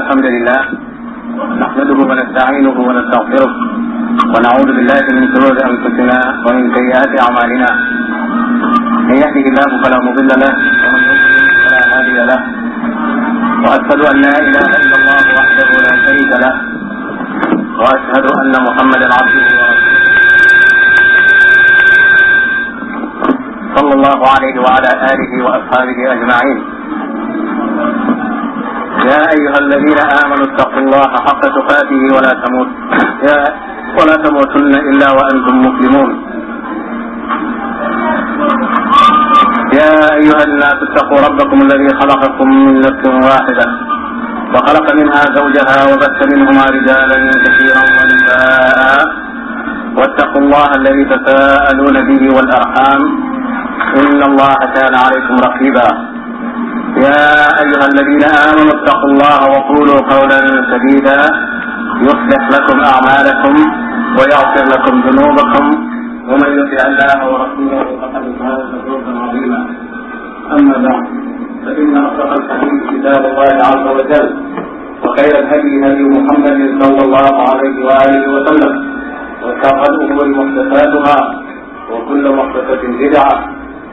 الحمد لله نحمده ونستعينه ونستغفره ونعوذ بالله من شرور انفسنا ومن سيئات اعمالنا من يهده الله فلا مضل له ومن يضلل فلا هادي له واشهد ان لا اله الا الله وحده لا شريك له واشهد ان محمدا عبده ورسوله صلى الله عليه وعلى اله واصحابه اجمعين يا أيها الذين آمنوا اتقوا الله حق تقاته ولا تموت يا ولا تموتن إلا وأنتم مسلمون يا أيها الناس اتقوا ربكم الذي خلقكم من نفس واحدة وخلق منها زوجها وبث منهما رجالا كثيرا ونساء واتقوا الله الذي تساءلون به والأرحام إن الله كان عليكم رقيبا يا أيها الذين آمنوا اتقوا الله وقولوا قولا سديدا يصلح لكم أعمالكم ويغفر لكم ذنوبكم ومن يطع الله ورسوله فقد فاز فوزا عظيما أما بعد فإن أصدق الحديث كتاب الله عز وجل وخير الهدي هدي محمد صلى الله عليه وآله وسلم وشر الأمور محدثاتها وكل محدثة بدعة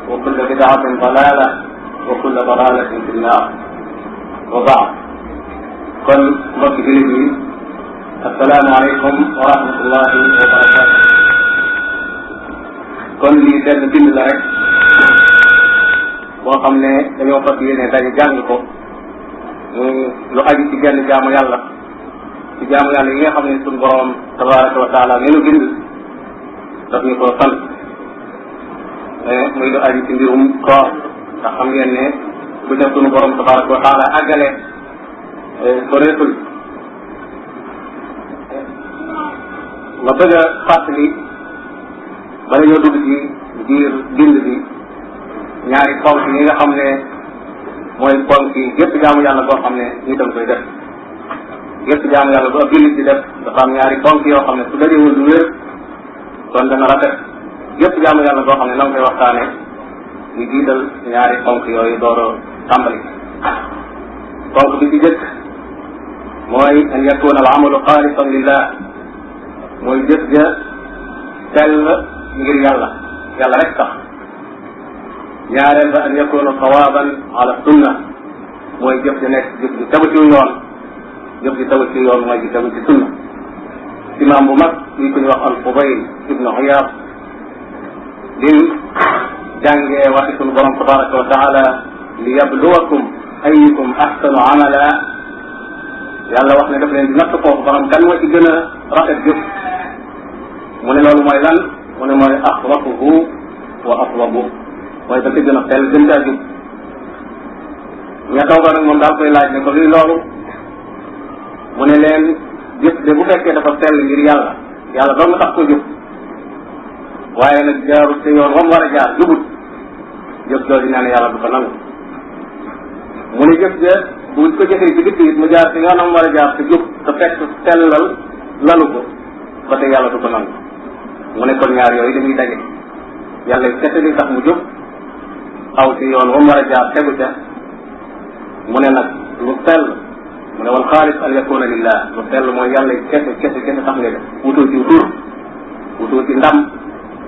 وكل بدعة ضلالة وكل ضلالة في النار وبعد kon mbokk jullit yi asalaamaaleykum wa rahmatullahi wa barakatu kon lii benn bind la rek boo xam ne dañoo fas yéene dañu jàng ko lu aju ci genn jaamu yàlla ci jaamu yàlla yi nga xam ne suñu borom tabaraka wa taala mi nu bind daf ñu ko sant eh, muy lu aju ci mbirum koor ndax xam ngeen bu def sunu borom tabaraka wa taala àggale eh, soreetul ma bëgg a fàttali bala ñoo dugg ci biir bind bi ñaari ponk yi nga xam ne mooy ponk yi gépp jaamu yàlla boo xam ne nitam koy def gépp jaamu yàlla bu ab jullit def dafa am ñaari ponk yoo xam ne su dajewul du wér kon dana rafet gépp jaamu yàlla boo xam ne na nga koy waxtaane ñu jiital ñaari ponk yooyu door a tàmbali ponk bi ci jëkk mooy an yakuna al amalu xaalisan lillah mooy jëf ja sell ngir yàlla yàlla rek tax ñaareel ba an yakuna sawaban ala sunna mooy jëf ja nekk jëf ji tegu ci yoon jëf ji tegu ci yoon mooy ji tegu ci sunna imaam bu mag ñi ko ñu wax al fudayl ibnu iyaad di jàngee waxi sunu borom tabaraka wa taala li yabluwakum ayukum ahsanu amala yàlla wax ne daf leen di natt foofu borom kan moo ci gën a rafet jëf mu ne loolu mooy lan mu ne mooy axlafuhu wa aswabu mooy ba ci gën a fel gën caa jub ña toog nag moom daal koy laaj ne ko luy loolu mu ne leen jëf de bu fekkee dafa sell ngir yàlla yàlla doon nga tax ko jub waaye nag jaarut te yoon wam war a jaar jubut jëf jooju nee na yàlla du ko nangu mu ni jëf ja bu ko jëfee ci digg mu jaar ci yoonam war a jaar ci jub te fekk sellal lalu ko ba tey yàlla du ko nangu mu ne kon ñaar yooyu dañuy daje yàlla kese li tax mu jub aw ci yoon wa war a jaar tegu ca mu ne nag lu sell mu ne wal xaalis al yakuna lillah lu sell mooy yàlla kese kese kese tax nga def wutoo ci tur wutoo ndam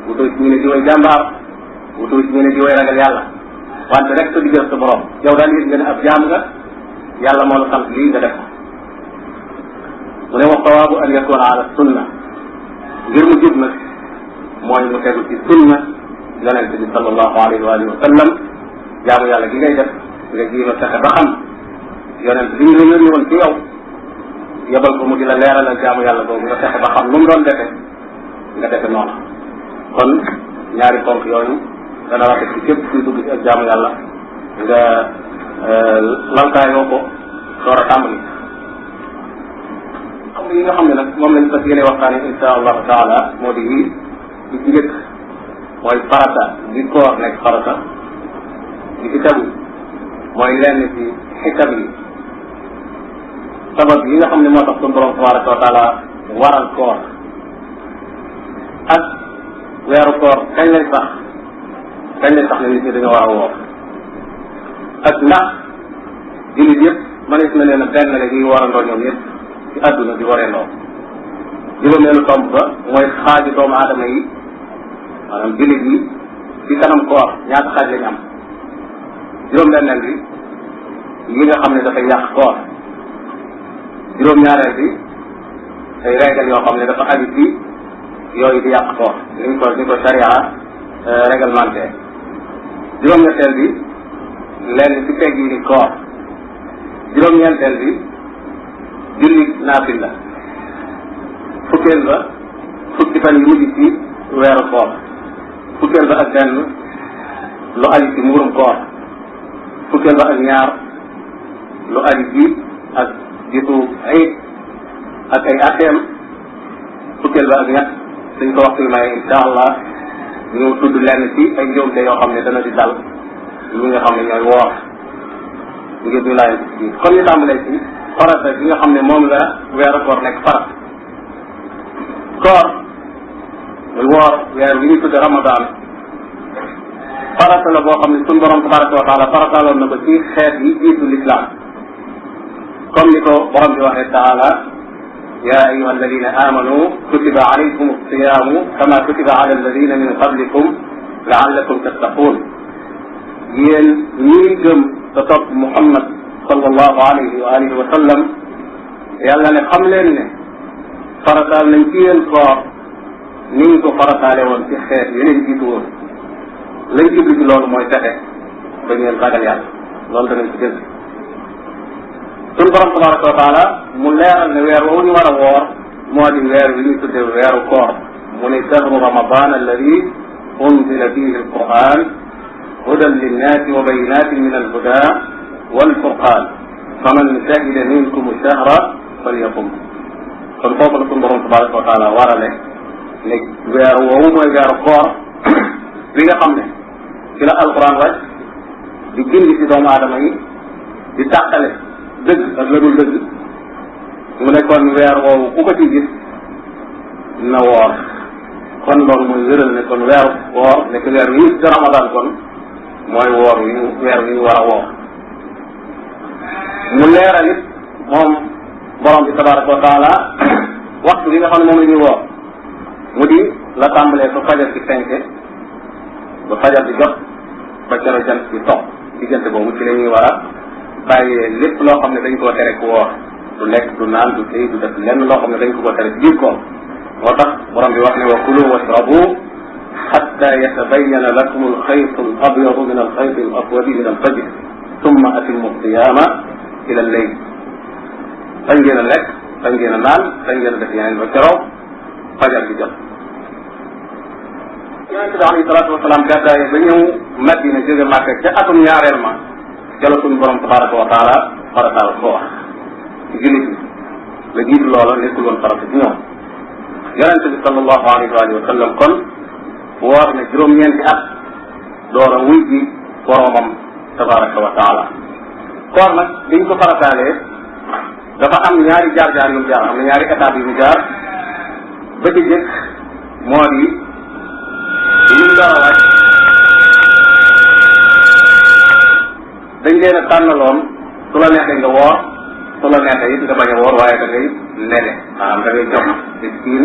wutoo ci ñu ne di way wutuwu ci ñu ne di ragal yàlla want rek sa diggante sa borom yow daal yëg nga ne ab jaam nga yàlla moo la sant lii nga def ko mu ne wa sawaabu an yakuna ala sunna ngir mu jub nag mooy mu tegu ci sunna yonente bi sallallahu alayhi wa alihi wa sallam jaamu yàlla gi ngay def nga jiima fexe ba xam yonent bi ñu la yónni woon ci yow yebal ko mu di la leeralal jaamu yàlla boobu nga fexe ba xam lu mu doon defe nga defe noonu kon ñaari ponk yooyu dana rafet ci képp kuy dugg ci ak jaamu yàlla nga euh, laltaayoo ko door a xam yi nga xam ne nag moom lañ fas yéene waxtaane insha allahu taala moo di yii di ci njëkk mooy farata di koor nekk farata di ci tegu mooy lenn ci yi sabab yi nga xam ne moo tax suñu borom tabaraka wa taala waral koor ak sax kañ lañ tax ne nit ñi dañoo war a woor ak ndax jullit yëpp mënees na leen a benn rek yi warandoo ñoom yëpp ci àdduna di wareendoo juróomeelu tomb ba mooy xaaji doomu aadama yi maanaam jullit yi ci kanam koor ñaata bi yi nga xam ne dafay yàq koor juróom-ñaareel bi ay régal yoo xam ne dafa aju ci yooyu di yàq koor niñ ko ni ko charia euh, réglementé juróom-ñetteel bi lenn ci pegg yi koor juróom-ñeenteel bi julli naafil la fukkeel ba fukki fan yu mujj ci weeru koor fukkeel ba ak benn lu aju ci koor fukkeel ba ak ñaar lu aju ci ak jitu ayib ak fukkeel ba ak ñett suñ ko waxtu may incha allah ñu tudd lenn ci ay njuumte yoo xam ne dana di dal ñi nga xam ne ñooy woor ngir ñu laaj ci kon ñu tàmbalee ci farata bi nga xam ne moom la weeru koor nekk farat koor muy woor weer wi ñu tudd ramadan farata la boo xam ne suñu borom tabaraka wa taala farataaloon na ci xeet yi jiitu l'islam comme ni ko borom la waxee taala يا أيها الذين آمنوا كتب عليكم الصيام كما كتب على الذين من قبلكم لعلكم تتقون yéen ñii gëm te topp Muhammad sallallahu alayhi wa alihi wa sallam yàlla ne xam leen ne farataal nañ ci yéen koor ni ñu ko farataale woon ci xeet yeneen jiitu woon lañ ci dugg loolu mooy fexe ba ngeen ragal yàlla loolu danañ ci jël suñu borom tabaraka wa taala mu leeral ne weer woowu ñu war a woor moo di weer wi ñuy tuddee weeru koor mu ne shahru ramadan alladi unzila fihi alquran hudan linnaasi wa bayinatin min alhuda walfurqan faman shahida minkum shahra falyaqum kon foofu la suñu borom tabaraka wa taala warale ne weer woowu mooy weeru koor bi nga xam ne ci la alquran wàcc di gindi ci doomu aadama yi di tàqale dëgg ak la dul dëgg mu ne kon weer woowu ku ko ci gis na woor kon loolu mooy wéral ne kon weer woor nekk weer wi ci ramadan kon mooy woor wi weer wi war a woor mu leeral moom borom bi tabaraka wa waxtu bi nga xam ne moom la ñuy woor mu di la tàmbalee ba fajar ci fenke ba fajar di jot ba cero jant ci topp diggante boobu ci la ñuy war a bàyyee lépp loo xam ne dañ koo tere ku woor du lekk du naan du tëy du def lenn loo xam ne dañ ko koo tere ci biir koom moo tax borom bi wax ne wa kulu washrabu xatta yatabayana lakum alxaytu al abyadu min alxayti al aswadi min alfajr summa atimmu siyaama ila alleyl dañ ngeen a lekk dañ ngeen a naan dañ ngeen a def yeneen ba keroog fajar bi jot yonente bi alayhi salaatu wasalaam gàddaaye ba ñëw Madina jóge Màkka ca atum ñaareel ma jala suñu borom tabaraka wa taala farataal ko wax ci jullit bi la jiitu loola nekkul woon farata ci ñoom yonente bi sallallahu alayhi wa sallam kon woor na juróom-ñeenti at door a wuy ji boromam tabaraka wa taala koor nag biñ ko farataalee dafa am ñaari jaar-jaar yu mu jaar am na ñaari étape yu mu jaar ba ci jëkk moo di li mu door a wàcc dañ leen a tànnaloon su la neexee nga woor su la neexee it nga bañ a woor waaye da ngay lene maanaam da ngay jox miskin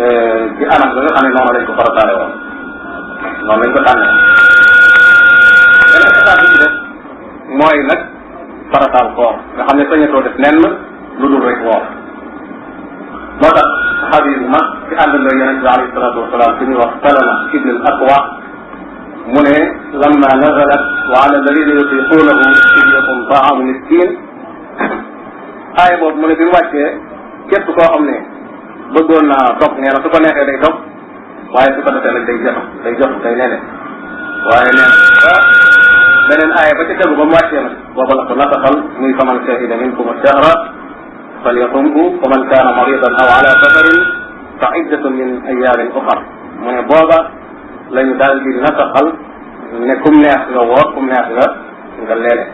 euh, ci anam ba nga xam ne noonu lañ ko ko tànnee beneen état nag farataal koor nga xam ne sañatoo def nenn lu dul rek woor moo tax saxaabi bu mag ci àndandoo yonente bi alayhi salaatu wasalaam ku ñuy wax Salama ibn al Akwa mu ne lamma nazalat wa ala alladina yutiqunahu fidyatun taamu miskin aaya boobu mu ne bi mu wàccee képp koo xam ne bëggoon naa dog nee na su ko neexee day dog waaye su ko defee nag day jotu day jotu day nene waaye neen ba beneen aaya ba ca tegu ba mu wàccee nag booba la ko nasaxal muy faman shahida minkum ash-shahra falyasumhu wa man kaana maridan aw ala safarin fa iddatun min ayamin uxar mu ne booba lañu daal di nataxal ne kum neex nga woor kum neex nga nga leele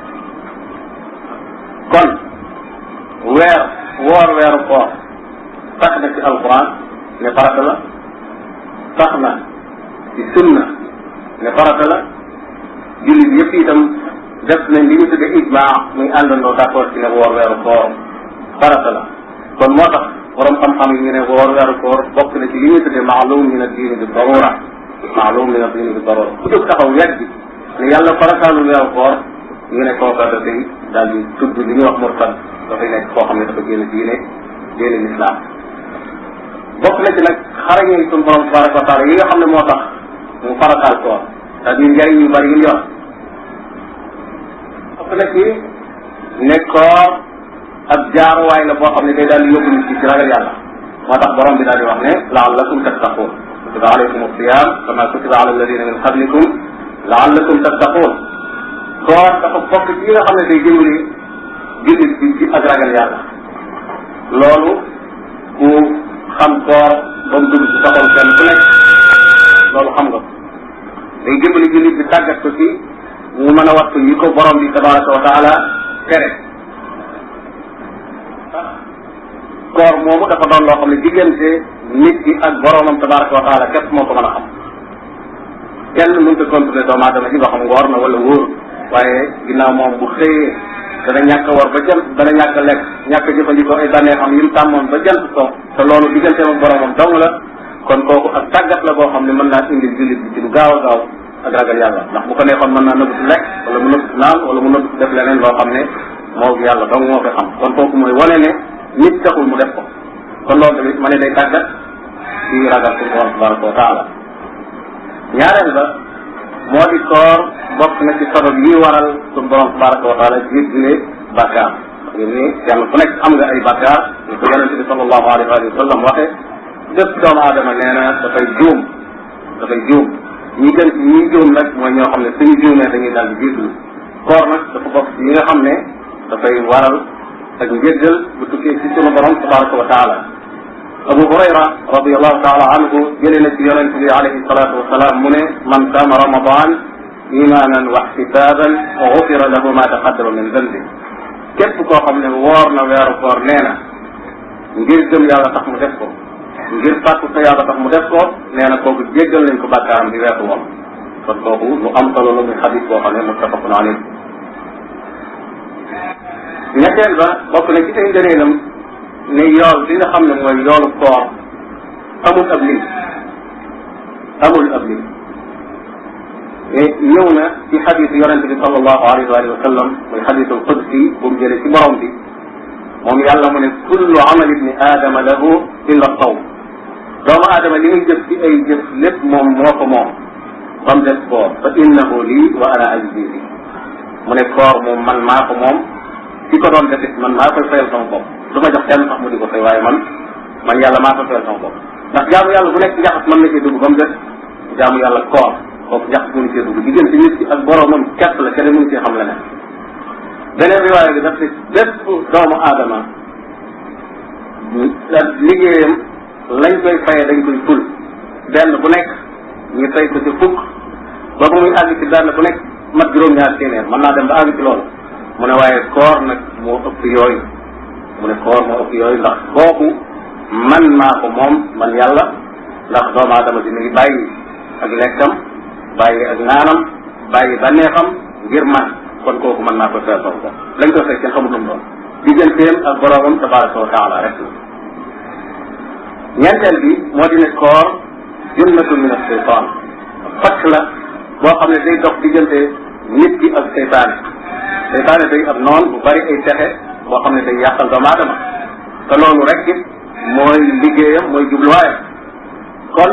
kon weer woor weeru koor tax na ci alquran ne farata la tax na ci sunna ne farata la jullit yëpp itam def nañ li ñu tuddee ijmaa muy àndandoo d'accord ci ne woor weeru koor farata la kon moo tax borom xam-xam yi ñu ne woor bokk na ci li maalum ñu ne diine bi darura maalum la diine bi daroor ku jóg taxaw yàgg ne yàlla farataalu weeru koor ñu ne kooka dafay daal di tudd li ñuy wax murtad dafay nekk koo xam ne dafa génn diine diine lislaam bokk na ci nag xarañee suñu borom tabaraka wa taala yi nga xam ne moo tax mu farataal koor c'est-à-dire njëriñ yu bëri yi mu yor bokk na ci ne koor ab jaaruwaay la boo xam ne day daal di yóbbu nit ci ragal yàlla moo tax borom bi daal di wax ne laallakum tattaquun kutiba alaykum asiyam kama kutiba ala alladina min qablikum laallakum tattaqun koor dafa bokk ci nga xam ne day jëmale jullit bi ci ak ragal yàlla loolu ku xam koor ba mu dugg ci soxal kenn ku nekk loolu xam nga day jëmale jullit bi tàggat ko ci mu mën a waxtu yi ko borom bi tabaraka wa taala tere koor moomu dafa doon loo xam ne diggante nit ki ak boroomam tabaraka wa taala képp moo ko mën a xam kenn mënut a contrôler doomu aadama ci loo xam nga war na wala wóor waaye ginnaaw moom bu xëyee dana ñàkk a war ba jant dana ñàkk a lekk ñàkk a jëfandikoo ay bànneexam yi mu tàmmoon ba jant so te loolu digganteem ak boroomam dong la kon kooku ak tàggat la koo xam ne mën naa indi jullit bi ci lu gaaw a gaaw ak ragal yàlla ndax bu ko neexoon mën naa nëbbu lekk wala mu nëbbu naan wala mu nëbbu def leneen loo xam ne moo yàlla dong moo ko kon kooku mooy wane ne nit taxul mu def ko ci ragal suñu borom tabaraka wa taala ñaareel ba moo di koor bokk na ci sabab yi waral suñu borom tabaraka wa taala jéggle bakkaar yéen ni kenn ku nekk am nga ay bakkaar ni ko yonente bi sallallahu alayhi wa sallam waxe bépp doomu aadama nee na dafay juum dafay juum ñi gën ci ñi juum nag mooy ñoo xam ne suñu juumee dañuy daal di jéglu koor nag dafa bokk ci yi nga xam ne dafay waral ak njéggal bu tukkee ci sunu borom tabaraka wa taala Abu Hurayra radiallahu taala anhu jële na ci yonente bi alayhi salatu wasalaam mu ne man saama ramadan imanan wa ihtisaban gufira lahu ma taqaddama min dambi képp koo xam ne woor na weeru koor nee na ngir gëm yàlla tax mu def ko ngir fàttu sa yàlla tax mu def ko nee na kooku jéggal nañ ko bàkkaaram bi weesu woon kon kooku lu am solo la muy xadis boo xam ne muttafaqun alayhi ñetteel ba bokk na ci ay ngëneelam ne yool bi nga xam ne mooy yoolu koor amul ab lim amul ab lim ñëw na ci xadisu yonente bi sallallahu alayhi wa sallam muy xadisu alqudsi bu mu jëlee ci borom bi moom yàlla mu ne kullu amal ibni aadama lahu illa sawm doomu aadama li muy jëf ci ay jëf lépp moom moo ko moom ba mu des koor fa innahu lii wa ana ajzi bi mu ne koor moom man maa ko moom ki ko doon defit man maa koy fayal sama bopp lu ma jox kenn sax mu di ko fay waaye man man yàlla maa tafeel sama bopp ndax jaamu yàlla bu nekk mën na cee dugg ba mu des jaamu yàlla koor kooku njaxas mënu ak boromam kett la kenn mënu cee xam leneen beneen riwaaya bi liggéeyam lañ koy fayee dañ koy ful benn bu nekk ñu tey ko ci fukk ba muy àgg ci benn bu nekk mat juróom-ñaar téeméer mën naa dem ba àgg ci loolu mu ne waaye koor nag moo ëpp yooyu mu ne koor moo ëpp yooyu ndax kooku man maa ko moom man yàlla ndax doomu aadama bi mi ngi bàyyi ak lekkam bàyyi ak naanam bàyyi bànneexam ngir man kon kooku mën naa ko seetoo ko lañ ko fekk kenn xamul lu mu doon digganteem ak boroomam tabaraka wa taala rek ñeenteel bi moo di ne koor junnatu min al seytaan fakk la boo xam ne day dox diggante nit ki ak seytaane seytaane day ab noon bu bari ay pexe boo xam ne day yàqal doomu aadama te loolu rek it mooy liggéeyam mooy jubluwaayam kon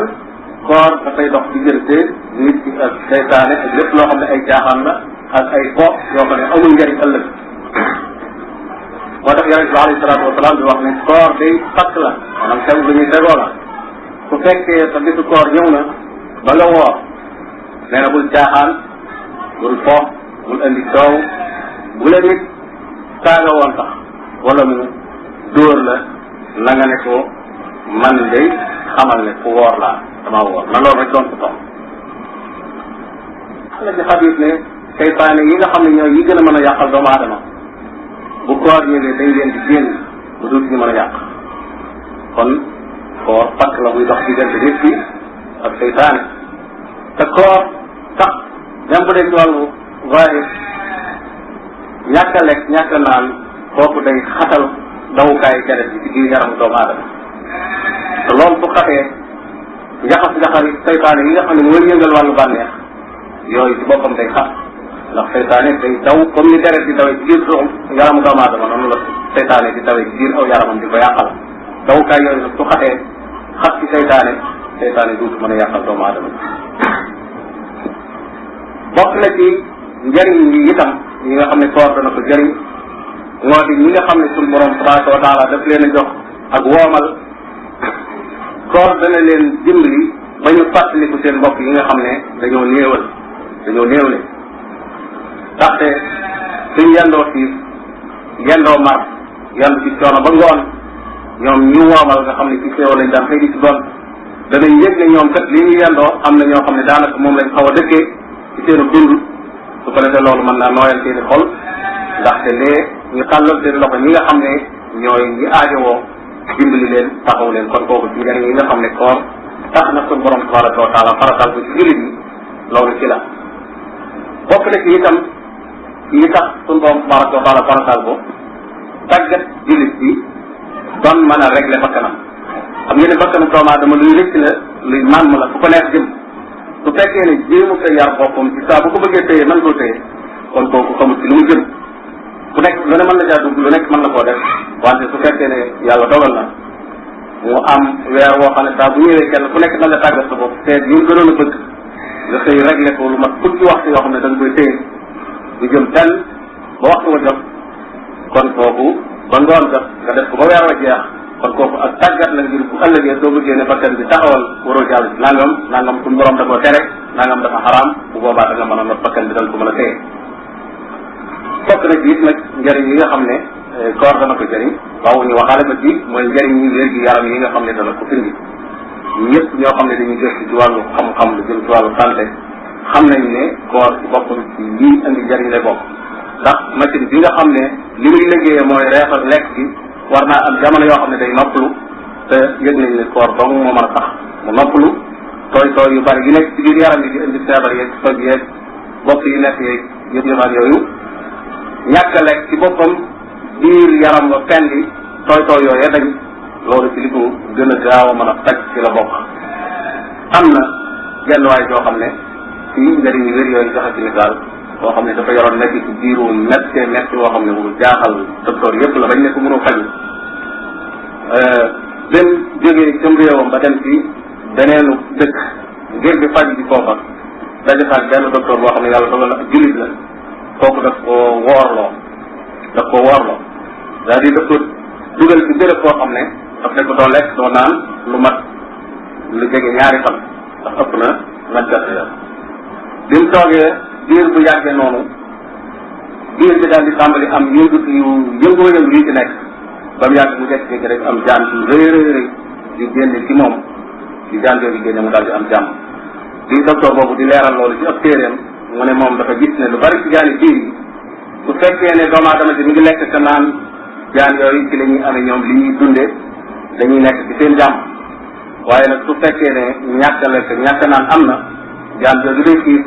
koor dafay dox diggante nit ki ak seytaane ak lépp loo xam ne ay jaaxaan la ak ay po yoo xam ne amul njariñ ëllëg moo tax yonente bi alayhi salaatu wasalaam di wax ne koor day pakk la maanaam tem lu ñuy tegoo la su fekkee sa bisu koor ñëw na ba nga woor nee na bul la nit saaga woon tax wala mu la na nga ne ko man day xamal ne ku woor laa dama woor na loolu rek doon ko toog xale bi xabit ne seytaane yi nga xam ne ñooy yi gën a mën a yàqal doomu aadama bu koor ñëwee dañ leen di génn bu dul ñu mën a yàq kon koor pakk la buy dox diggante nit ki ak seytaane te koor tax même bu dee ci wàllu waaye ñàkk a lekk ñàkk a naan kooku day xatal dawukaayu deret bi ci biir yaramu doomu aadama te loolu xatee njaxas njaxas saytaane yi nga xam ne mooy yëngal wàllu bànneex yooyu ci boppam day xat ndax saytaane day daw comme ni deret di dawee ci biir yaramu doomu aadama noonu la saytaane di dawee ci biir aw yaramam di ko yàqal dawukaay yooyu nag su xatee xat ci saytaane saytaane duutu mën a yàqal doomu aadama bokk na ci njëriñ yi itam ñi nga xam ne koor dana ko jëriñ moo di ñi nga xam ne suñu borom tabaraka wa taala daf leen a jox ak woomal koor dana leen dimbali ba ñu fàttaliku seen mbokk yi nga xam ne dañoo néewal dañoo néewle ndaxte suñ yendoo xiif yendoo mar yan ci coono ba ngoon ñoom ñu woomal nga xam ne ci xéewal lañ daan xëy di ci doon danañ yëg ne ñoom kat li ñu yendoo am na ñoo xam ne daanaka moom lañ xaw a dëkkee ci seenu dund su ko loolu mën naa nooyal seeni xol ndaxte lee ñu tàllal seen loxo ñi nga xam ne ñooy ñi aajowoo dimbali leen taxaw leen kon kooku ci njëriñ yi xam ne koor tax na suñu borom tabaraka wa taala faratal ko ci loolu ci la na ci itam yi tax suñu borom tabaraka wa taala faratal ko tàggat jullit bi doon mën a régler bakkanam xam ngeen ne bakkanu doomu aadama luy rëcc la luy la fu ko su fekkee ne jéemut a yar boppam ci saa bu ko bëggee téye man koo téye kon kooku xamul ci lu mu jëm ku nekk lu ne mën na caa dugg nekk mën na koo def wante su fekkee ne yàlla dogal na mu am weer woo xam ne saa bu ñëwee kenn ku nekk na nga tàggat sa bopp te ñu gënoon a bëgg nga xëy réglé ko lu mat fukki waxtu yoo xam ne da nga koy téye du jëm fenn ba waxtu wa kon kooku ba ngoon jot nga def ko ba weer wa jeex kon kooku ak tàggat la ngir bu ëllëgee soo bëggee ne bakkan bi taxawal waroo jàll ci nangam nangam suñu borom da koo tere nangam dafa xaraam bu boobaa da nga mën a not bakkan bi dal ko mën a téye bokk na ci it nag njëriñ yi nga xam ne eh, koor dana ko jëriñ waaw ñu waxaale ko ci mooy njëriñ yi wér gi yaram yi nga xam ne dana ko findi ñëpp ñoo xam ne dañuy gëstu ci wàllu xam-xam lu jëm ci wàllu santé xam nañ ne koor ci boppam ci lii indi njëriñ lay bokk ndax machine bi nga xam ne li muy liggéeyee mooy reefal lekk gi war naa am jamono yoo xam ne day noppalu te yëg nañ ne koor dong moo mën a tax mu noppalu tooy tooy yu bari yi nekk ci yaram yi di indi feebar yeeg toj yeeg bopp yi nekk yeeg yëpp yëfaan yooyu ñàkk lekk ci boppam biir yaram wa pendi tooy tooy yooyee dañ loolu ci li ko gën a gaaw a mën a faj ci la bokk am na genn waay joo xam ne ci njëriñ yu wér yooyu joxe ci misaal boo xam ne dafa yoroon nekk ci biiru méttee métti woo xam ne bu jaaxal docteur yëpp la bañ ne ko mënoo faju euh, dem jógee cëm réewam ba dem ci beneenu dëkk ngir bi faj ci foofa daje benn docteur boo xam ne yàlla dogal na jullit la kooku daf ko woorloo daf ko woorloo c'est-à-dire dugal ci béréb boo xam ne daf ne ko doo lekk doo naan lu mat lu jege ñaari fan ndax ëpp na vingt-quatre heures bi mu toogee diir bu yàggee noonu diir bi daal di tàmbali am yëngatu yu yëngoo yëngu yi ci nekk ba mu yàgg mu jekk rek am jaan su rëy rëy rëy di génne ci moom di jaan yooyu génne mu daal di am jàmm di docteur boobu di leeral loolu ci ab moom dafa gis ne lu bari ci jaani biir yi su fekkee ne doomu aadama ci mi ngi lekk sa naan jaan yooyu ci la ñuy ñoom li ñuy dundee dañuy nekk ci seen jàmm waaye nag su fekkee ne ñàkk lekk ñàkk naan am na jaan yooyu day xiif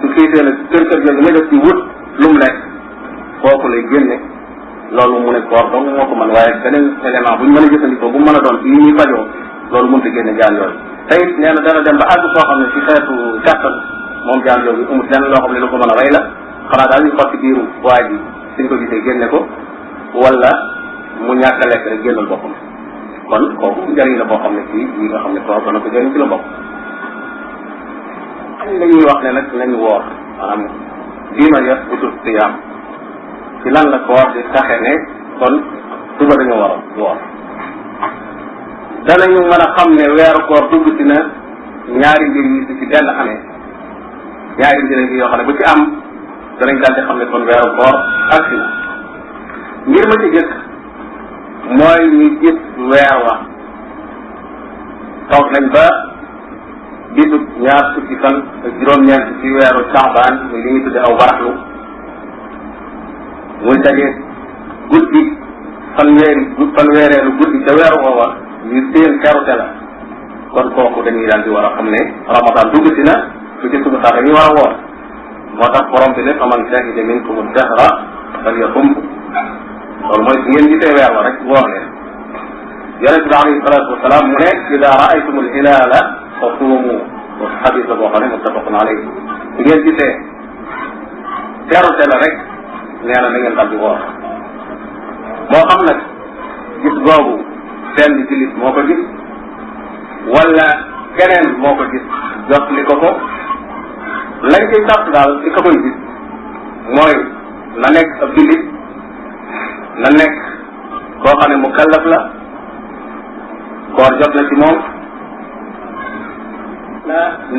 su xiisee nag kër kër yooyu nga def ci wut lu mu lekk kooku lay génne loolu mu ne koor dong moo ko mën waaye beneen élément bu ñu mën a jëfandikoo bu mu mën a doon ci yi ñuy fajoo loolu mënut a génne jaan yooyu te it nee na dana dem ba àgg foo xam ne ci xeetu kàttan moom jaan yooyu amul lenn loo xam ne lu ko man a rey la xanaa daal ñu xotti biiru waa ji suñ ko gisee ko wala mu ñàkk a lekk rek génnal boppam kon kooku njëriñ la boo ne ci yi nga xam ne koor dana ko jëriñ ci la kañ la ñuy wax ne nag nañ woor maanaam yas butul siyaam ci lan la koor di taxe ne kon suba dañu war a woor danañu mën xam ne weer koor dugg dina ñaari mbir yi si ci dell amee ñaari mbir yoo xam ne bu am danañ daal di xam ne kon weeru koor ak si na mbir ma ci jëkk mooy ñu gis weer wa toog nañ ba bisu ñaar fukki fan ak juróom-ñeent ci weeru Saabaan muy li ñuy tudde aw baraxlu muy daje guddi fanweeri fanweereelu guddi ca weeru woowa ñu seen xewte la kon kooku dañuy daal di war a xam ne ramadan dugg si na su ci suba sax dañuy war a woor moo tax borom bi ne faman shahida minkum dahra falyasumhu loolu mooy su ngeen gisee weer wa rek woor leen yonente bi alayhi salatu wasalaam mu ne ida raaytum al hilala xasuumu xadis la boo xam ne muttafaqun alayhi bu ngeen gisee teerute la rek nee na na ngeen dal di woor moo xam nag gis boobu benn jullit moo ko wala keneen moo ko gis jot li ko ko lañ koy sart daal ci ka mooy na nekk ab na nekk koo xam ne mu kallaf la koor jot na ci moom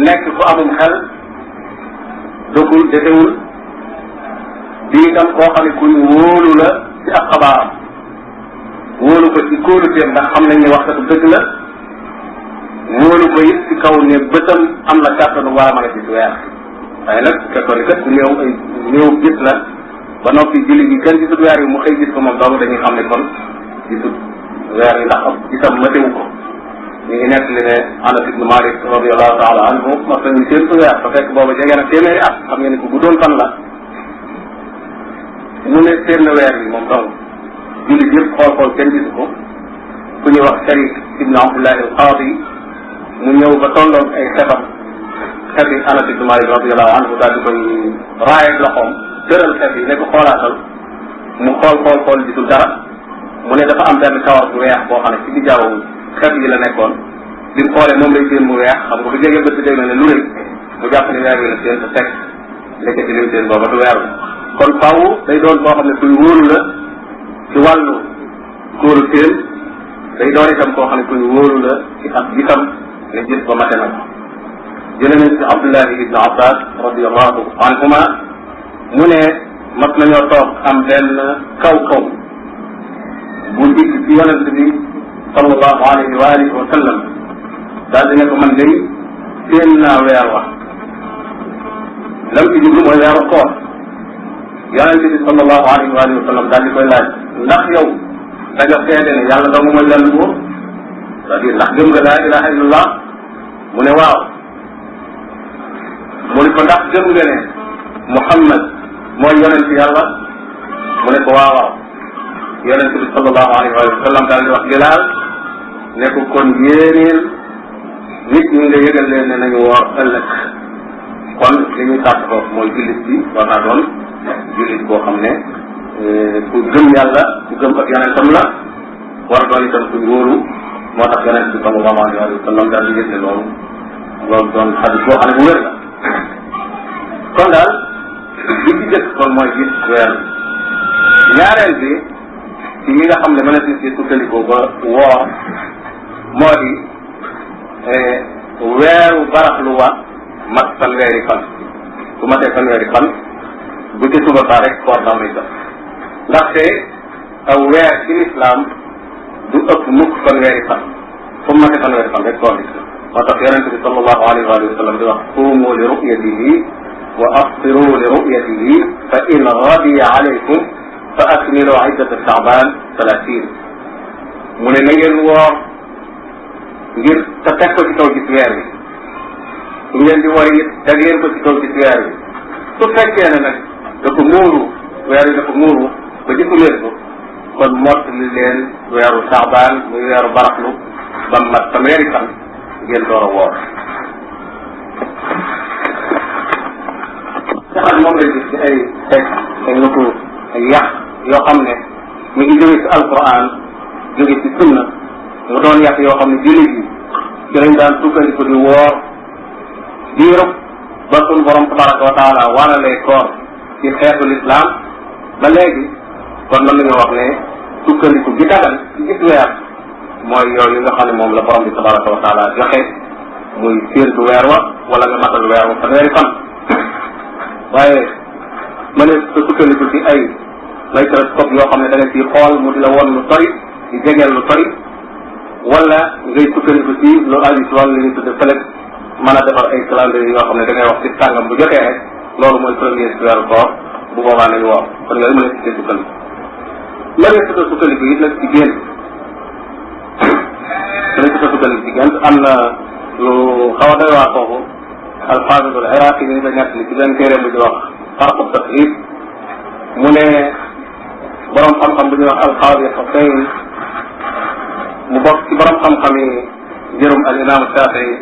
nekk ku amum xel du ku defewul di itam koo xam ne kuñ wóolu la ci ab xabaaram wóolu ko ci kóoluteem ndax xam nañ ne wax dëgg dëgg la wóolu ko it ci kaw ne bëtam am na kàttanu war a mën a gis weer waaye nag catholique kat ku néew ay néew gis la ba noppi julli gi kenn gisut weer yi mu xëy ko moom doomu dañuy xam ne kon gisut weer yi ndax gisam matéwu ko ñu ngi nettali ne Anas ibn Malik radiyallahu taala anhu mas nañu seen weer ba fekk booba jege na téeméeri at xam ne ku guddoon fan la mu ne seen weer bi moom dong jullit yëpp xool-xool kenn ko ku ñuy wax Sharik ibn Abdullah al-Qadi mu ñëw ba tolloog ay xefam xefi Anas ibn Malik radiyallahu anhu daal di koy raayeg loxoom tëral xef yi ne ko xoolaatal mu xool xool xool gisul dara mu ne dafa am benn kawar bu weex boo xam ne ci di jaawu xet gi la nekkoon bi mu xoolee moom lay seen mu weex xam nga bu jegee bët bi day mel ne lu rëy mu jàpp ne weer wi la seen sa teg nekkati lim seen booba du weer la kon faw day doon koo xam ne kuy wóolu la ci wàllu kóolu seen day doon itam koo xam ne kuy wóolu la ci ak gisam ne gis ba mate na ko jëlee nañ ci Abdullahi ibn Abbas radiallahu anhuma mu ne mas nañoo toog am benn kaw kaw bu dikk ci yonent bi sallallahu alayhi wa alihi wa sallam daal di ne ko man day seen naa weer wax lam ci jublu mooy weeru koor yonente bi sallallahu alayhi wa alihi wa sallam daal di koy laaj ndax yow da nga seede ne yàlla dong mooy benn buur c'est-à-dire ndax gëm nga laa ilaha illallah mu ne waaw mu ne ko ndax gëm nga ne Muhammad mooy yonent yàlla mu ne ko waaw waaw yonent bi sallallahu alayhi wa sallam daal di wax Bilaal ne ko kon yéeneel nit ñi nga yëgal leen ne nañu woor ëllëg kon li ñuy tàtt foofu mooy jullit bi war naa doon jullit boo xam ne euh, ku gëm yàlla ku gëm ak yonentam la war doon itam ku moo tax yonent bi sallallahu alayhi wa sallam daal di yëgle loolu loolu doon xadis boo xam ne bu la kon daal li ci kon mooy gis weer ñaareel bi ci yi nga xam ne mën na si si sukkandiku ba woor moo di eh, weeru baraxlu wa mat fanweeri fan bu matee fanweeri fan bu ci suba saa rek koor daaw lay dox ndaxte aw weer ci lislaam du ëpp mukk fanweeri fan fu mu matee fanweeri fan rek koor lislaam moo tax yonente bi sallallahu alayhi wa sallam di wax suumu li ru'yatihi wa aftiru li ru'yatihi fa in radiya alaykum fa akmilu iddata shaaban talatin mu ne na ngeen woor ngir te teg ko ci kaw gis weer bi ñu leen di wari it teg leen ko ci kaw gis weer muuru weer bi dafa muuru ba jëkku leen ko kon mott li leen weeru saabaan muy weeru baraxlu ba mat fanweeri fan ngeen door a woor saxat moom lañ gis ci ay teg ay yoo xam ne ñu ngi jóge sunna dafa doon yàq yoo xam ne jullit yi ci lañ daan sukkandiku di woor diirub ba suñ borom tabaraka wa taala waralee koor ci xeetu lislaam ba léegi kon mën nañoo wax ne sukkandiku bi dagal ci gis weer mooy yooyu nga xam ne moom la borom bi tabaraka wa taala joxe muy séentu weer wa wala nga matal weer wa fanweeri fan waaye ma ne sa sukkandiku ci ay microscope yoo xam ne da nga ciy mu di la won lu sori di jegeel lu sori wala ngay sukkandiku ci lu aju ci wàllu li ñuy tudde fëlëg mën a defar ay calendrier yoo xam ne da ngay wax ci tàngam bu jotee rek loolu mooy premier ci weeru koor bu boobaa nañu woor kon yooyu mën a tuddee sukkandiku mën a tuddee sukkandiku it nag ci génn danañ tuddee sukkandiku ci génn am na lu xaw a doy waa foofu alxaafidul iraqi yi dañ ko ñett ni ci benn téere bu ñu wax farqu tahrib mu ne borom xam-xam bu ñuy wax alxaadi Xuseyn mu bokk ci borom xam-xam yi njërum al imam Shafii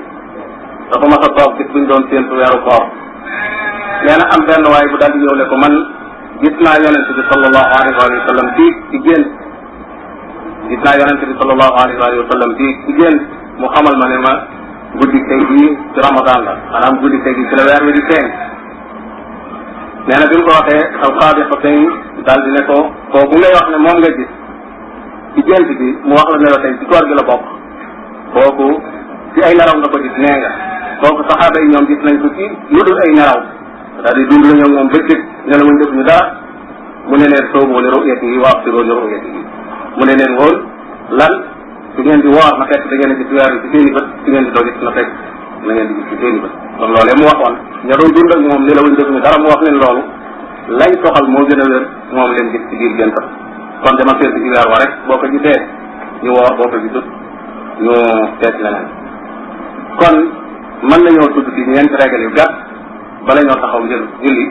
a toog gis buñ doon séentu weeru koor nee na am benn waay bu daal di ñëw ko man gis naa yonent bi sallallahu alayhi naa yonent bi sallallahu alayhi wa sallam mu xamal ma ne ma guddi tey jii ci ramadan la guddi tey jii ci la weer wi di feeñ nee na bi mu ko waxee alqaadi Xuseyn daal di ne ko kooku ne moom nga ci jël bi mu wax la ne la tey ci góor gi la bokk kooku ci ay naraw nga ko gis nee nga kooku saxaaba yi ñoom gis nañ ko ci lu dul ay naraw cest à dund la moom bëccëg ne la wuñ def ñu dara mu ne leen sooboo li ru'yati yi waax si mu ne leen woon lan su ngeen di woor na fekk da ngeen di gis ci seen i bët su ngeen di doo gis i kon loolee mu waxoon ña doon dund ak moom ne la wuñ def dara mu wax leen loolu lañ toxal moo gën a wér moom leen gis ci biir gën kon dama seet ci weer wa rek boo ko gisee ñu woo boo ko gisut ñu seet leneen kon mën nañoo tudd ci ñeenti régal yu gàtt bala ñoo taxaw njël julli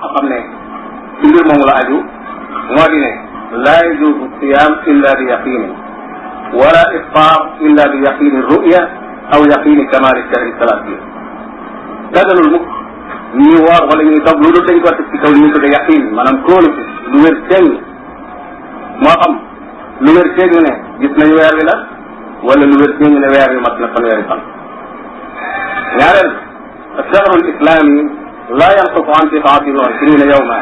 a xam ne ci mbir moomu la aju moo di ne laa yajuusu siyaam illa bi yaqini wala iftaar illa bi yaqini ruya aw yaqini kamaali shahri salaat bi daganul mukk ñuy woor wala ñuy dog lu dul dañ ko teg ci kaw li ñu tuddee yaqin maanaam kóolu ci lu wér teng moo xam lu wér teng ne gis nañu weer wi la wala lu wér teng ne weer wi mat na fanweeri fan ñaareel ash-shahrul islami laa yanqusu an tis'atin wa ishrina yawma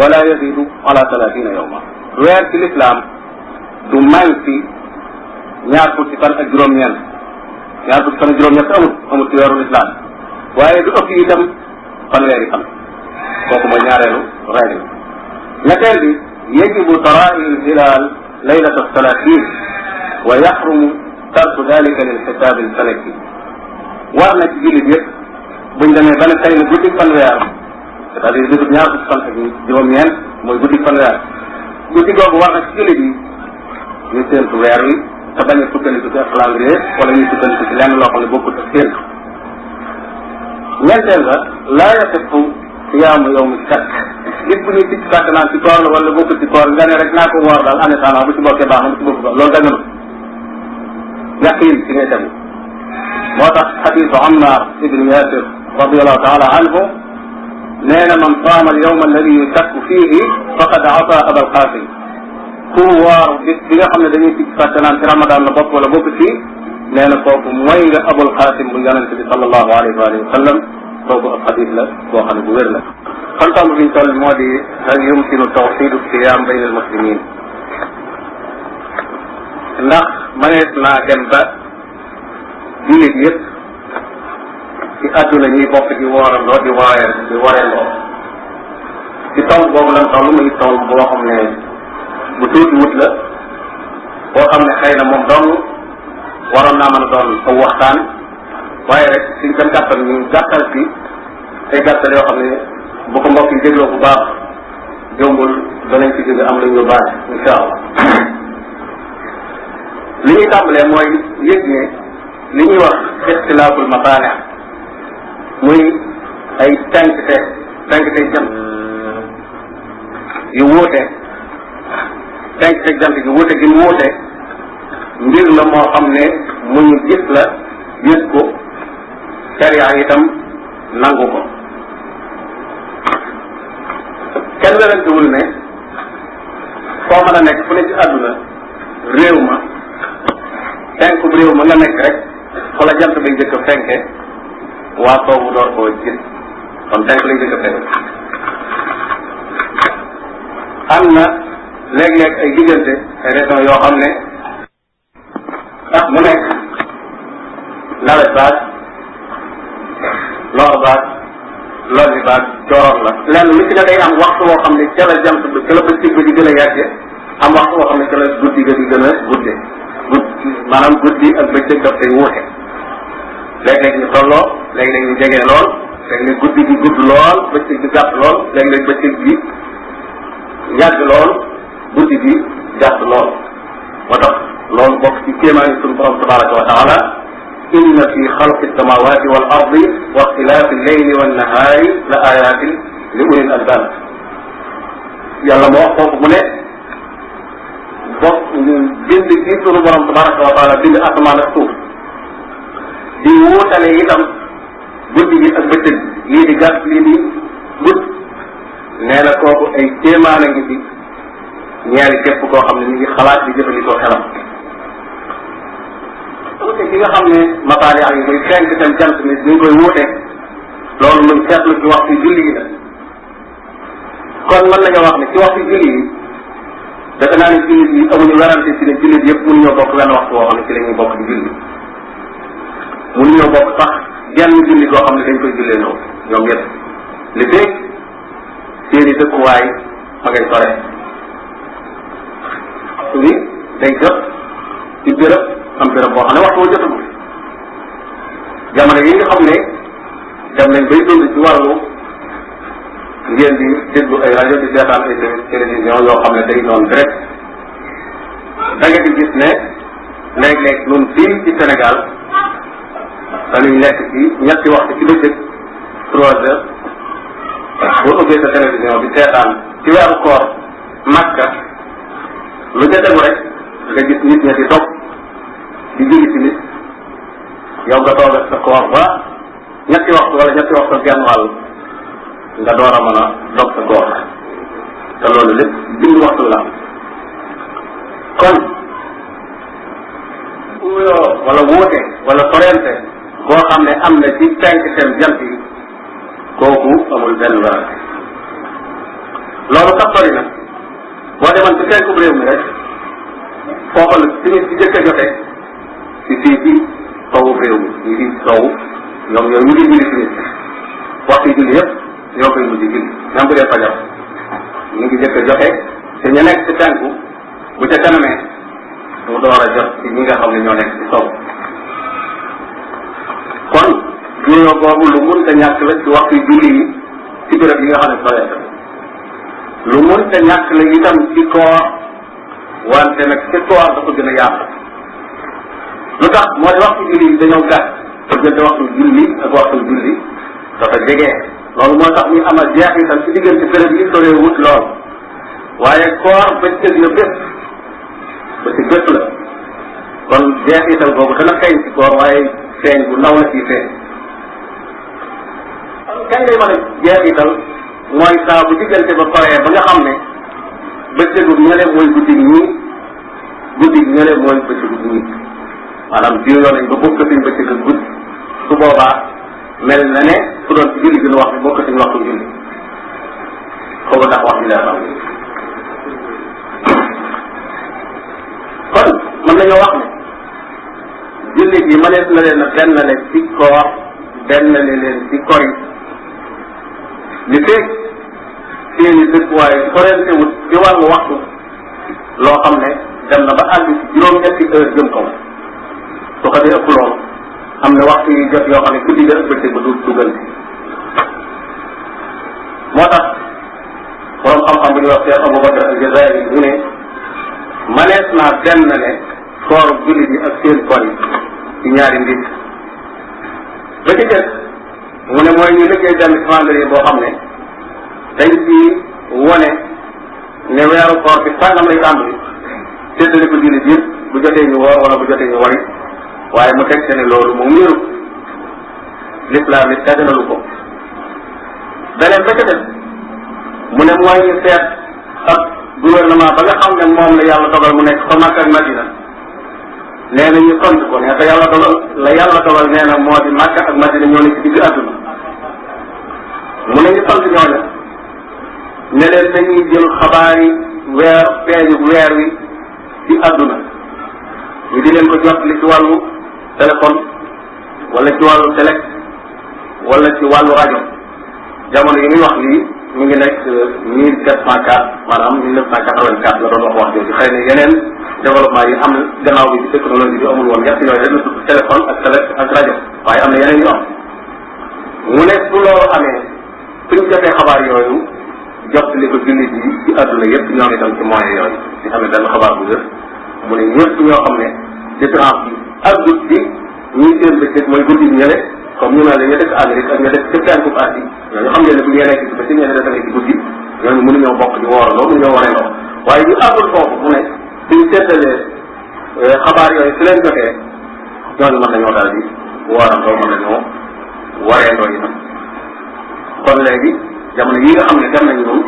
wala yazidu ala talatina yawma weer ci l'islam du manqué ñaar fukki fan ak juróom-ñeent ñaar fukki fan ak juróom-ñeent amul amul ci weerul islam waaye du ëpp itam fanweeri fan kooku mooy ñaareelu règle ñetteel bi yajibu taraa'iyu l-hilaal laylata salaatin wa yaxrumu tarku dalika lil xisaab al falaki war na ci jullit yëpp buñ demee ba ne tey la guddi fanweer c'est-à-dire dugub ñaar fukki fan ak juróom-ñeent mooy guddi fanweer guddi googu war na ci jullit yi ñu séentu weer wi te bañ a sukkandiku ci calendrier wala ñuy sukkandiku ci lenn loo xam ne bokkut ak séentu ñeenteel ba laa yasiqu siyaamu yow mi sakk nit bu ñuy picc sàkk naan si koor la wala bokkul si koor nga ne rek naa ko woor daal année temps bu ci bokkee baax na bu ci bokkul baax loolu daganul yaqiin si ngay tegu moo tax xadiisu Ammaar ibn Yaasir radiyallahu taala anhu nee na man saama al yawma alladi yusakku fiihi faqad asa abal qaasim ku woor bis bi nga xam ne dañuy picc sàkk naan si ramadan la bokk wala bokk si nee na kooku mooy nga abul qaasim bu yonente bi sallallahu alayhi wa sallam boobu ab xadis la boo xam ne bu wér la kon tomb biñ toll moo di hal yumkinu tawxidu siyaam bayn al muslimin ndax mënees naa dem ba jullit yëpp ci àdduna ñuy bokk di woorandoo di waayal di woorandoo ci tomb boobu lan toll muy tomb boo xam ne bu tuuti wut la boo xam ne xëy na moom dong waroon naa mën a doon aw waxtaan waaye rek suñ kan gàttal ñu gàttal ci ay gàttal yoo xam ne bu ko mbokk yi dégloo bu baax jombul danañ ci jóge am lu ñu baax incha li ñuy tàmbalee mooy yëg ne li ñuy wax ixtilaaful masaane muy ay tànkte tànkte jant yu wuute tànkte jant yu wuute gi mu wuute mbir la moo xam ne mu ñu gis la gis ko sariya itam nangu ko kenn werantewul ne foo mën a nekk fu ne ci àdduna réew ma fenkub réew ma nga nekk rek fa la jant bi njëkk a fenke waa soowu door koo gis kon fenk lay njëkk a fenk na léeg-léeg ay diggante ay région yoo xam ne sax mu nekk nawet baa lor baag lor bi baag jooroon la lenn lu ci ne day am waxtu woo xam ne ca la jant bi ca la bëccëg bi di a am waxtu woo xam ne ca la guddi ga di gën a gudde guddi maanaam guddi ak bëccëg daf koy wuute léeg-léeg ñu tolloo léeg-léeg ñu lool léeg-léeg guddi gi gudd lool bëccëg bi gàtt lool léeg-léeg bi yàgg lool guddi gi gàtt lool moo tax loolu bokk ci kéemaani suñu borom tabaraka wa inna fi xalqi samawati wal ardi wa ixtilaafi leyli wan nahaari la ayatin li ulil albab yàlla moo wax foofu mu ne bokk bind gi sunu borom tabaraka wa taala bind asamaan ak suuf di wóotale itam guddi gi ak bëccëg lii di gàtt lii di gudd nee na kooku ay téemaane ngi ci ñaari képp koo xam ne ñu ngi xalaat di jëfandikoo xelam wuute gi nga xam ne mataali ak yi muy fenk seen jant mi ñu koy wuute loolu luñ seetlu ci waxtu julli yi la kon mën nañoo wax ne ci waxtu julli yi defe naa ne jullit yi amuñu werante ci ne jullit yëpp mënuñoo bokk benn wax woo xam ne ci la ñuy bokk di julli mënuñoo bokk sax genn julli goo xam ne dañ koy jullee noonu ñoom yëpp li dégg seen i dëkkuwaay ma ngay sore waxtu day jot ci béréb am béréb boo xam ne waxtu wa jotagul jamono yi nga xam ne dem nañ bay dund ci wàllu ngeen di déglu ay rajo di seetaan ay télévision xam ne day doon direct da nga di gis ne léeg-léeg ñun fii ci Sénégal dañuy nekk ci waxtu ci bëccëg trois heures boo ubbee bi seetaan ci weeru koor Makka lu ca tegu rek nga gis nit di julli tamit yow nga doog a sa koor ba ñetti waxtu wala ñetti waxtu genn wàll nga door a mën a dog sa koor te loolu lépp bind waxtu la kon uyoo wala wuute wala sorente xam ne am na ci cinq seen jant yi kooku amul benn werante loolu sax sori na boo demoon ci penku réew mi rek foofa la ci jëkk a ci fii ci tawu réew mi ñu fii ci tawu ñoom ñooy mujj julli timis waxtu julli yëpp ñoo koy mujj julli même bu dee fajar ñu ngi jëkk a joxe te ñu ci penku bu ca kanamee mu door a jot ci ñi nga xam ne ñoo ne ci taw kon juyoo boobu lu mun te ñàkk la ci waxtu julli yi ci béréb yi nga xam ne fajar lu mun te ñàkk la itam ci koor wante nag ci koor dafa gën a yàq lu tax mooy waxtu julli yi dañoo gàtt diggante waxtu ak waxtu julli dafa jege loolu moo tax muy amal jeexital ci diggante béréb yi wut lool waaye koor bëccëg la bépp bëccëg bépp kon jeexital boobu dana feeñ ci koor waaye feeñ bu la ciy feeñ kañ lay mën jeexital mooy saa bu diggante ba paree ba nga xam ne bëccëgu ñële mooy guddi ñii guddi ñële mooy bëccëgu ñii maanaam diwloo nañ ba bokkatuñ ba bëccëg ak guddi su boobaa mel na ne su doon ci julli gën wax bi bokkatuñ waxtu julli xaw ma ndax wax bi leer kon mën nañoo wax ne jullit yi mënees na leen a benn le ci koor benn le leen ci kori li fekk seeni dëkkuwaay sorente wut ci wàllu waxtu loo xam ne dem na ba àgg ci juróom-ñetti heure jëm kaw su ko dee ëpp loolu am na waxtu yu jot yoo xam ne guddi la bëccëg ba du moo tax borom xam-xam bu ñuy wax Cheikh Abou Bakar al-Jazairi mu ne manees naa benn ne koor jullit yi ak seen koor yi ci ñaari mbir ba ci des mu ne mooy ñu liggéey benn calendrier boo xam ne dañ ci wone ne weeru koor bi sàngam lay tàmbali séddale ko jullit yëpp bu jotee ñu woor wala bu jotee ñu wari waaye mu teg ne loolu moom wéeru l'islam it daganalu ko beneen ba ca mu ne mooy ñu seet ak gouvernement ba xam ne moom la yàlla dogal mu nekk fa Makka ak Madina nee na ñu tont ko ne te yàlla dogal la yàlla dogal nee na moo di Makka ak Madina ñoo nekk ci digg àdduna mu ne ñu tont ñooñu ne leen jël xabaar yi weer feeñu weer wi ci àdduna ñu di ko jot li ci téléphone wala ci wàllu ci wàllu rajo jamono yi muy wax lii mi ngi nekk euh, mille quatre cent quatre maanaam mille neuf cent quatre-vingt-quatre la doon wax wax jooju xëy na yeneen développement yi am gannaaw bi ci technologie bi amul woon ñett yooyu rek ak rajo waaye am na yeneen yu am mu ne su loolu amee suñ jotee xabaar yooyu jot li ko jullit yi ci àdduna yëpp ñoom itam ci moyen yooyu di amee benn xabaar bu mu ne ñëpp ñoo xam ne ak guddi gi ñuy guddi gi ñële comme ñu naan a ña dëkk Amérique ak ña dëkk ca penku Asie ñooñu xam ngeen ne bu ñu nekk ci bëccëg ña ne dafa nekk ci guddi bokk di wooraloo mënuñoo wareeloo waaye ñu àggul foofu mu ne suñ seetalee euh, xabaar yooyu su leen joxee ñooñu mën nañoo daal di woorandoo mën nañoo wareendoo itam kon léegi jamono yi nga xam ne dem nañ ñun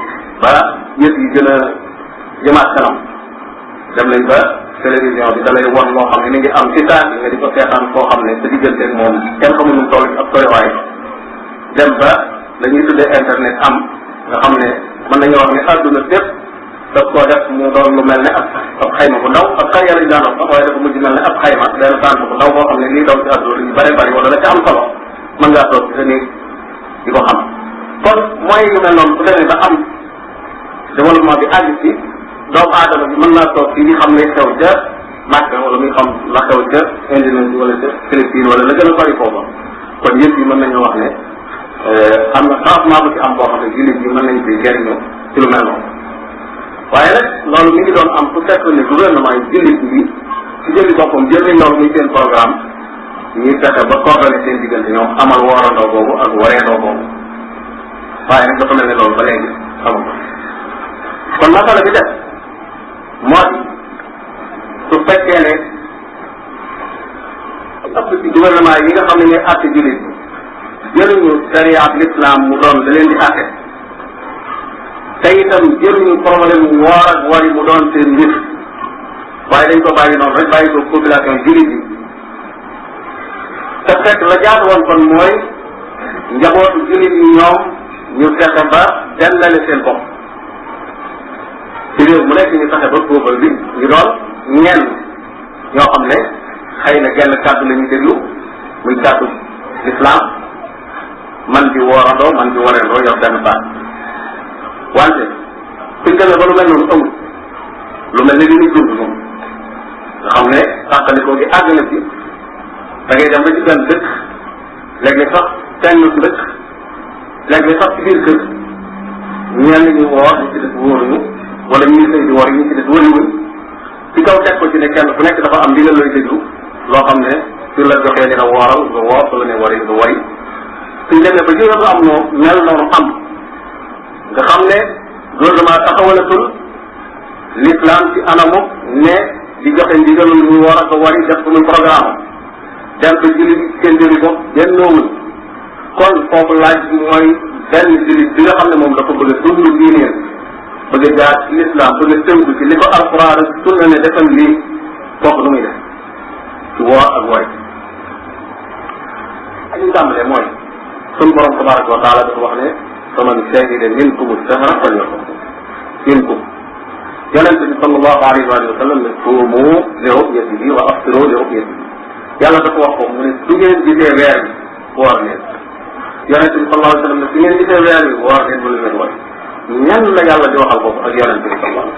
ba yëf yi gën a jëmaat kanam dem nañ ba télévision bi da lay wan loo xam ne mi ngi am ci saa nga di ko seetaan foo xam ne sa digganteeg moom kenn xamul nu mu toll ak toyawaay dem ba la ñuy tuddee internet am nga xam ne mën nañu wax ne na bépp daf koo def mu doon lu mel ne ab ab xayma bu ndaw ab xayma lañu daan wax waaye dafa mujj mel ne ab xayma benn tànk bu ndaw boo xam ne lii daw ci àdduna yu bare bari wala la ca am solo mën ngaa toog ci sa néeg di ko xam kon mooy yu mel noonu su demee ba am développement bi àgg ci doomu aadama bi mën naa toog fii di xam lay xew ca Màkka wala muy xam la xew ca Indonésie wala ca Philippine wala la gën a bari foofa kon yëpp yi mën nañoo wax ne euh, am na changement bu ci am boo xam ne jullit yi mën nañ fi jëriñoo ci lu mel noonu waaye nag loolu mi ngi doon am su fekkoon ne gouvernement yi jullit yi ci jëli boppam jël nañ loolu muy seen programme ñuy fexe ba coordonné seen diggante ñoom amal woorandoo boobu ak wareendoo boobu waaye nag dafa mel ne loolu ba léegi kon masala mooy su fekkee ne ëpp ci gouvernement yi nga xam ne ñooy àtte jullit jëluñu sharia ak l'islam mu doon da leen di àtte te itam jëluñu mu doon seen mbir waaye dañ ko bàyyi noonu rek bàyyi ko population jullit yi te fekk la jaatu woon kon mooy njabootu jullit yi ñoom ñu fexe ba dellale seen bopp ci réew mu nekk ñu fexe ba tuubal bi ñu doon ñenn ñoo xam ne xëy na genn kàddu la ñuy déglu muy kàddu lislaam man di woorandoo man di wareendoo yor benn baat wante suñ demee ba lu mel noonu amul lu mel ne li ñu dund moom nga xam ne tàqalikoo gi àgg na ci da ngay dem ba ci benn dëkk léegi sax kenn dëkk léegi sax ci biir kër ñenn ñi woor ñu ci dëkk wóoruñu wala ministre di war ñu ci des wëriwul ci kaw teg ko ci ne kenn ku nekk dafa am ndigal looy déglu loo xam ne su la joxee dina wooral nga woor su la ne wari nga wari suñ demee ba jiw am noo mel noonu am nga xam ne gouvernement taxawalatul l'islam ci anamu ne di joxe ndigal lu muy war a ko wari def ko muy programme dem ba jullit seen jëli bopp bennoowul kon foofu laaj mooy benn jullit bi nga xam ne moom dafa bëgg a dund diineen bëgg a jaar ci lislaam bëgg a tënku ci li ko alquran ak sunna ne defal lii kooku nu muy def ci woor ak woy ak ñu tàmbalee mooy sun borom tabaraka wa taala dafa wax ne faman shahida minkum shahra falyasum minkum yonente bi sallallahu alayhi wa sallam ne tuumu li ru'yatihi wa aftiru li ru'yatihi yàlla dafa wax ko mu ne su ngeen gisee weer bi woor leen yonente bi sallallahu alayhi wa sallam ne su ngeen gisee weer bi woor leen bu leen woy ñan la yàlla di waxal boobu ak yonent bi sallallahu alayhi wa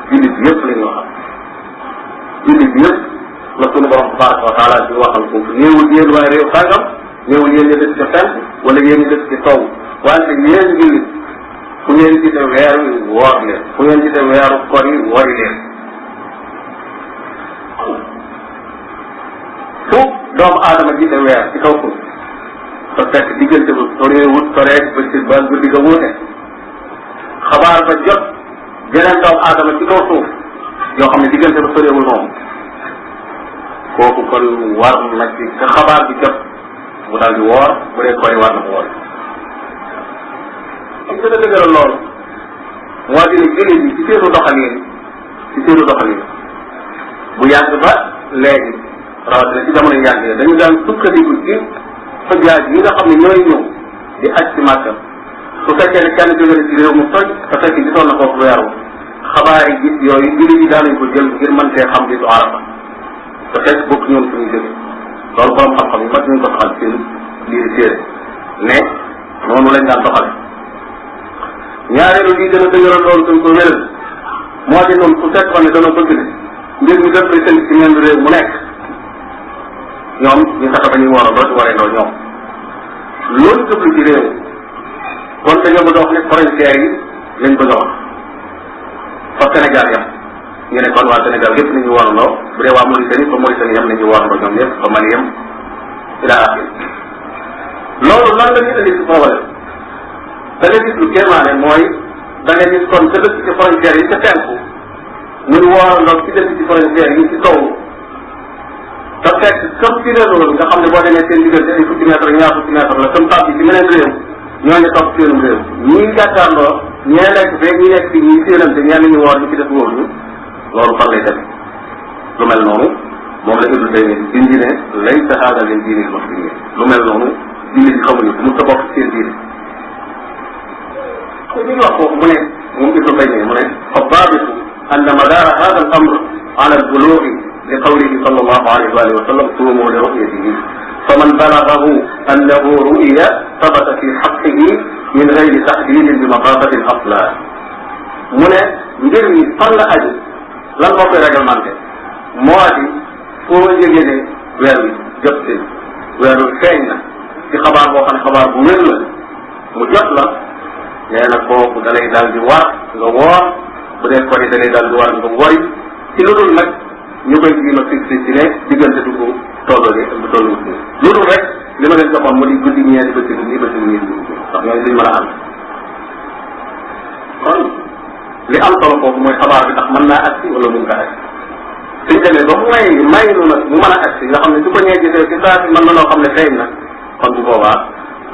sallam jullit bi yëpp la ñuy waxal jullit bi yëpp la sunu borom tabaraka wa taala di waxal foofu néewul yéen waa réew sàngam néewul yéen ñu des ci fenn wala yéen ñu des ci taw wante yéen jullit fu ngeen gise weer wi woor leen fu ngeen gise weeru kor yi wori leen fu doomu aadama gise weer ci kaw suuf te fekk diggante ba soreewut soreeg bëccëg ba guddi ga wuute xabaar ba jot jeneen doomu aadama ci kaw suuf yoo xam ne diggante ba soriwul noonu kooku kon war na ci ka xabaar bi jot mu daal di woor bu dee koy war na mu woor ci gën a dëgëral loolu moo di ci seenu doxalin ci seenu bu yàgg ba léegi rawatina ci jamono yàgg dañu daan sukkandiku ci xëjaaj yi nga xam ne ñooy ñëw di aj ci màggal su fekkee ne kenn jóge na ci réew mu toj te fekk gisoon na foofu weeru xabaar yi gis yooyu jullit yi daanañ ko jël ngir man see xam bisu arafa te fekk bokk ñoom suñu jóge loolu borom xam-xam yi mas ñu ko saxal seen biir téere mais noonu lañ daan doxale ñaareelu lii gën a dëgëral loolu suñ ko wéral moo di noonu su fekkoon ne dana bëgg ne mbir mi def seen ci meen mu nekk ñoom ñu fexe ba ñuy war a ba waree loolu ñoom loolu jublu ci réew kon dañoo bëgg a wax ne frontières yi lañ bëgg a wax fa Sénégal yam ñu ne kon waa Sénégal yëpp nañu woonandoo bu dee waa Mauritanie fa Mauritanie yam nañu woonandoo ñoom ñëpp fa Mali yam ila axiri loolu lan la ñuy indi si problème da nga gis lu kéemaane mooy da nga gis kon ca dëkk ci frontières yi ca penku muy woonandoo ci dëkk ci frontières yi ci kaw te fekk comme ci réew nga xam ne boo demee seen diggante ay fukki mètre ñaar fukki mètre la comme tàbbi ci meneen réew ñoo ngi topp seenum réew ñii gàttaandoo ñee nekk fee ñi nekk fi ñii séenante ñenn ñu woor ñu ci def wóor ñu loolu fan lay demee lu mel noonu moom la ibnu taymi di dindi ne laysa haada min diinil muslimin lu mel noonu diine ji xamuñu mu ta bokk seen diine ko ñu wax foofu mu ne moom ibnu taymi mu ne fa baabitu anna madaara haada al amr ala al bulugi li qawlihi sallallahu alayhi wa sallam suumu li ru'yatihi faman balagahu annahu ruya tabata fi xaqihi min gayri taxdidin bi maqasatin asla mu ne mbir mi fan la aju lan moo koy réglementé moo di foo yëgee ne weer wi jot si weer wi feeñ na ci xabaar boo xam ne xabaar bu wér la mu jot la nee na kooku da lay daal di war nga woor bu dee kori da lay daal di war nga wori ci lu dul nag ñu koy jiima fixé ci ne diggante du ko tolloo du tollu lu dul rek li ma leen joxoon mu di guddi ñeenti bëccëg nii a am kon li am solo foofu mooy xabaar bi ndax mën naa agsi wala mun nga agsi suñ demee may may nu nag mu mën a agsi nga xam ne su ko ñee gisee ci saa si mën na loo xam ne feeñ na kon bu boobaa